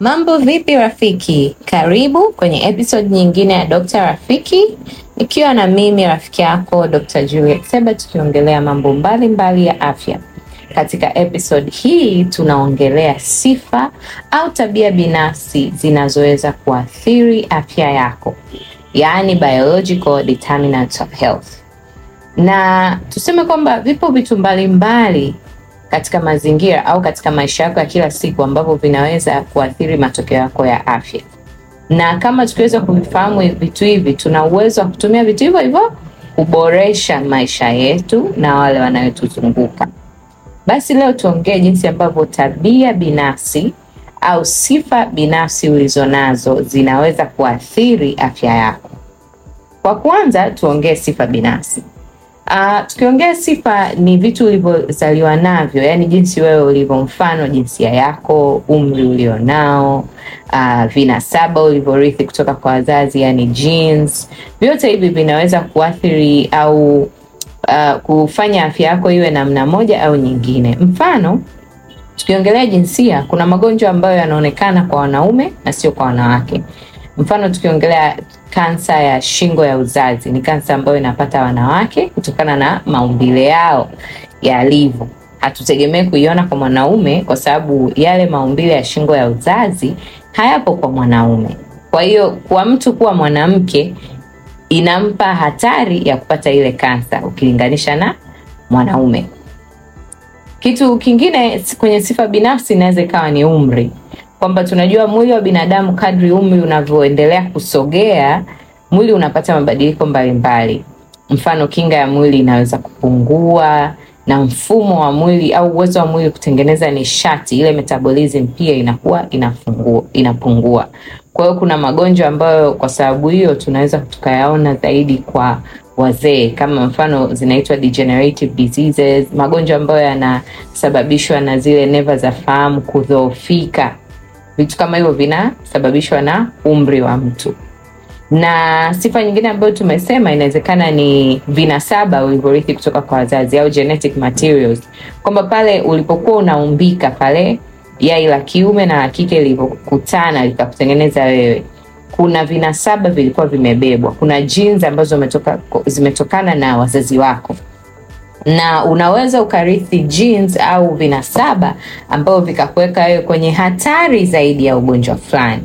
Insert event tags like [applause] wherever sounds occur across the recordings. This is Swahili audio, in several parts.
Mambo vipi rafiki, karibu kwenye episode nyingine ya Dokta Rafiki, ikiwa na mimi rafiki yako Dr. Juliet Seba, tukiongelea mambo mbalimbali mbali ya afya. Katika episode hii tunaongelea sifa au tabia binafsi zinazoweza kuathiri afya yako, yaani biological determinants of health, na tuseme kwamba vipo vitu mbalimbali katika mazingira au katika maisha yako ya kila siku ambavyo vinaweza kuathiri matokeo yako ya afya. Na kama tukiweza kuvifahamu vitu hivi, tuna uwezo wa kutumia vitu hivyo hivyo kuboresha maisha yetu na wale wanayotuzunguka. Basi leo tuongee jinsi ambavyo tabia binafsi au sifa binafsi ulizonazo zinaweza kuathiri afya yako. Kwa kwanza, tuongee sifa binafsi. Uh, tukiongea sifa ni vitu ulivyozaliwa navyo, yani jinsi wewe ulivyo, mfano jinsia yako, umri ulionao, uh, ah, vinasaba ulivyorithi kutoka kwa wazazi, yani genes. Vyote hivi vinaweza kuathiri au uh, kufanya afya yako iwe namna moja au nyingine. Mfano, tukiongelea jinsia, kuna magonjwa ambayo yanaonekana kwa wanaume na sio kwa wanawake. Mfano tukiongelea kansa ya shingo ya uzazi, ni kansa ambayo inapata wanawake kutokana na maumbile yao yalivyo. Hatutegemee kuiona kwa mwanaume kwa sababu yale maumbile ya shingo ya uzazi hayapo kwa mwanaume. Kwa hiyo kwa mtu kuwa mwanamke inampa hatari ya kupata ile kansa ukilinganisha na mwanaume. Kitu kingine kwenye sifa binafsi inaweza ikawa ni umri kwamba tunajua mwili wa binadamu kadri umri unavyoendelea kusogea, mwili unapata mabadiliko mbalimbali. Mfano, kinga ya mwili inaweza kupungua na mfumo wa mwili au uwezo wa mwili kutengeneza nishati ile metabolism pia inakuwa inafungua, inapungua. Kwa hiyo kuna magonjwa ambayo kwa sababu hiyo tunaweza tukayaona zaidi kwa wazee, kama mfano zinaitwa degenerative diseases, magonjwa ambayo yanasababishwa na zile neva za fahamu kudhoofika vitu kama hivyo vinasababishwa na umri wa mtu. Na sifa nyingine ambayo tumesema inawezekana ni vinasaba ulivyorithi kutoka kwa wazazi au genetic materials, kwamba pale ulipokuwa unaumbika pale yai la kiume na la kike lilivyokutana likakutengeneza wewe, kuna vinasaba vilikuwa vimebebwa, kuna jins ambazo zimetokana na wazazi wako na unaweza ukarithi genes au vinasaba ambavyo vikakuweka wewe kwenye hatari zaidi ya ugonjwa fulani,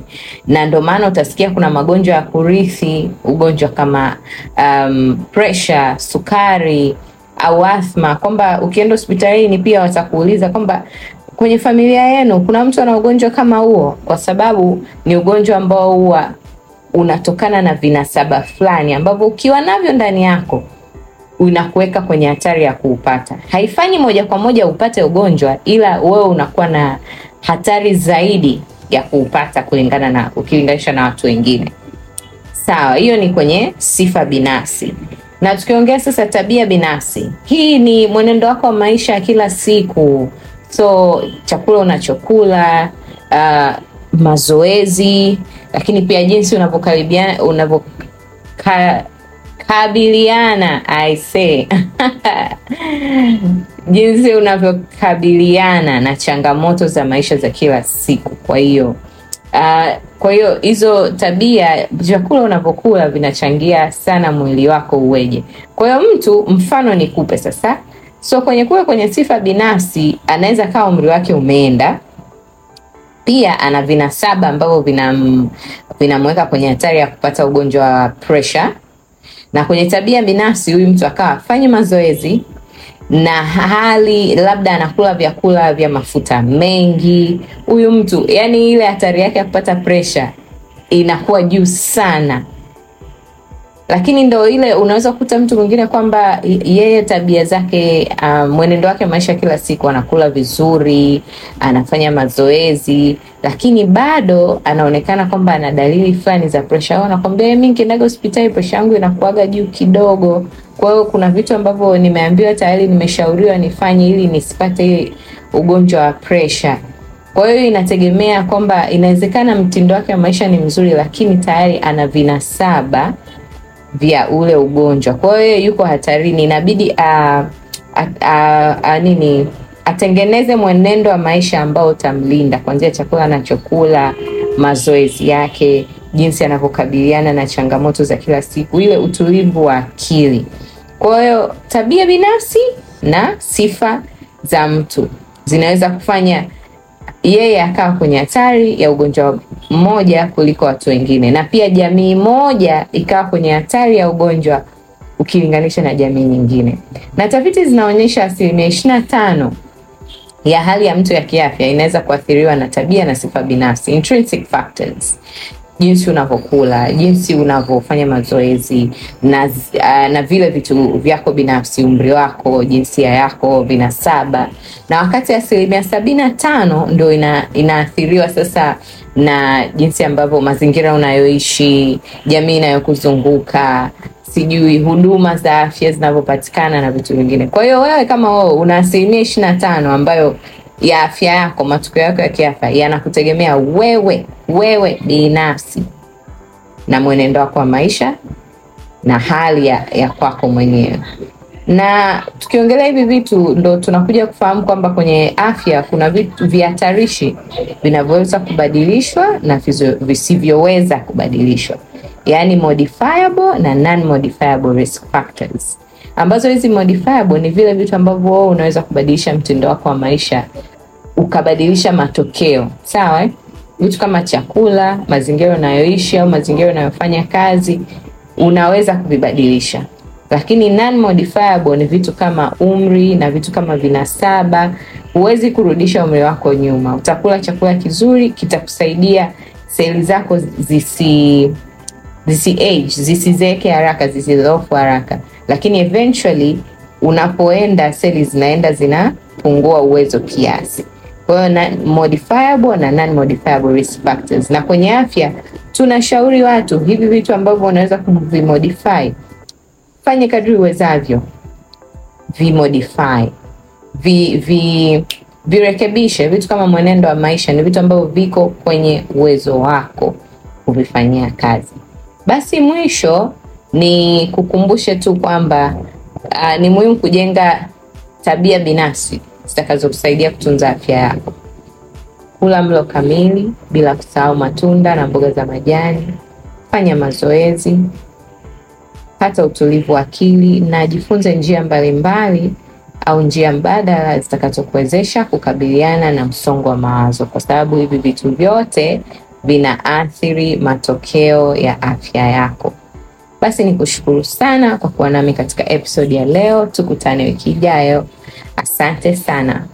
na ndio maana utasikia kuna magonjwa ya kurithi, ugonjwa kama um, pressure, sukari au asthma, kwamba ukienda hospitalini pia watakuuliza kwamba kwenye familia yenu kuna mtu ana ugonjwa kama huo, kwa sababu ni ugonjwa ambao huwa unatokana na vinasaba fulani ambavyo ukiwa navyo ndani yako unakuweka kwenye hatari ya kuupata. Haifanyi moja kwa moja upate ugonjwa, ila wewe unakuwa na hatari zaidi ya kuupata kulingana na ukilinganisha na watu wengine. Sawa, hiyo ni kwenye sifa binafsi. Na tukiongea sasa tabia binafsi, hii ni mwenendo wako wa maisha ya kila siku, so chakula unachokula, uh, mazoezi, lakini pia jinsi unavyokaribia unavyokaa kabiliana say [laughs] jinsi unavyokabiliana na changamoto za maisha za kila siku. Kwa hiyo uh, kwa hiyo hizo tabia, vyakula unavyokula vinachangia sana mwili wako uweje. Kwa hiyo mtu, mfano ni kupe sasa, so kwenye kuwe kwenye sifa binafsi, anaweza kawa umri wake umeenda pia ana vinasaba ambavyo vinamweka kwenye hatari ya kupata ugonjwa wa presha na kwenye tabia binafsi, huyu mtu akawa afanye mazoezi na hali labda anakula vyakula vya mafuta mengi, huyu mtu yani ile hatari yake ya kupata presha inakuwa juu sana lakini ndo ile unaweza kukuta mtu mwingine kwamba yeye tabia zake uh, mwenendo wake maisha kila siku anakula vizuri, anafanya mazoezi, lakini bado anaonekana kwamba ana dalili fulani za presha. Au anakwambia mimi eh, nikiendaga hospitali presha yangu inakuaga juu kidogo, kwa hiyo kuna vitu ambavyo nimeambiwa tayari, nimeshauriwa nifanye ili nisipate ugonjwa wa presha. Kwa hiyo inategemea kwamba inawezekana mtindo wake wa maisha ni mzuri, lakini tayari ana vinasaba vya ule ugonjwa. Kwa hiyo yuko hatarini, inabidi a, a, a, a, nini atengeneze mwenendo wa maisha ambao utamlinda kuanzia chakula anachokula, mazoezi yake, jinsi anavyokabiliana na changamoto za kila siku, ile utulivu wa akili. Kwa hiyo tabia binafsi na sifa za mtu zinaweza kufanya yeye akawa kwenye hatari ya ugonjwa mmoja kuliko watu wengine, na pia jamii moja ikawa kwenye hatari ya ugonjwa ukilinganisha na jamii nyingine. Na tafiti zinaonyesha asilimia ishirini na tano ya hali ya mtu ya kiafya inaweza kuathiriwa na tabia na sifa binafsi, intrinsic factors jinsi unavyokula, jinsi unavyofanya mazoezi na, uh, na vile vitu vyako binafsi, umri wako, jinsia yako vina saba, na wakati asilimia sabini na tano ndo ina, inaathiriwa sasa na jinsi ambavyo mazingira unayoishi, jamii inayokuzunguka sijui huduma za afya zinavyopatikana na vitu vingine. Kwa hiyo wewe kama wewe una asilimia ishirini na tano ambayo ya afya yako, matukio yako ya kiafya yanakutegemea wewe, wewe binafsi na mwenendo wako wa maisha na hali ya, ya kwako mwenyewe. Na tukiongelea hivi vitu ndo tunakuja kufahamu kwamba kwenye afya kuna vitu vihatarishi vinavyoweza kubadilishwa na visivyoweza kubadilishwa, yaani modifiable na non modifiable risk factors, ambazo hizi modifiable ni vile vitu ambavyo wewe unaweza kubadilisha mtindo wako wa maisha ukabadilisha matokeo sawa, eh? vitu kama chakula, mazingira unayoishi au mazingira unayofanya kazi unaweza kuvibadilisha, lakini non modifiable ni vitu kama umri na vitu kama vinasaba. Huwezi kurudisha umri wako nyuma. Utakula chakula kizuri, kitakusaidia seli zako zisi zisi age zisizeke haraka zisizofu haraka, lakini eventually unapoenda seli zinaenda zinapungua uwezo kiasi. Kwa hiyo modifiable na non modifiable risk factors. Na kwenye afya tunashauri watu hivi vitu ambavyo unaweza kuvimodify, fanye kadri uwezavyo, vimodify vi, vi, virekebishe. Vitu kama mwenendo wa maisha ni vitu ambavyo viko kwenye uwezo wako kuvifanyia kazi. Basi mwisho ni kukumbushe tu kwamba uh, ni muhimu kujenga tabia binafsi zitakazokusaidia kutunza afya yako. Kula mlo kamili bila kusahau matunda na mboga za majani. Fanya mazoezi, pata utulivu wa akili na jifunze njia mbalimbali mbali, au njia mbadala zitakazokuwezesha kukabiliana na msongo wa mawazo, kwa sababu hivi vitu vyote vinaathiri matokeo ya afya yako. Basi ni kushukuru sana kwa kuwa nami katika episodi ya leo. Tukutane wiki ijayo. Asante sana.